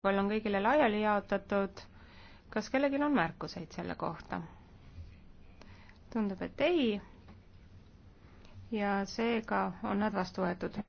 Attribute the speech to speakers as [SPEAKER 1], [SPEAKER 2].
[SPEAKER 1] protokoll on kõigile laiali jaotatud. kas kellelgi on märkuseid selle kohta? tundub, et ei. ja seega on
[SPEAKER 2] nad vastu võetud.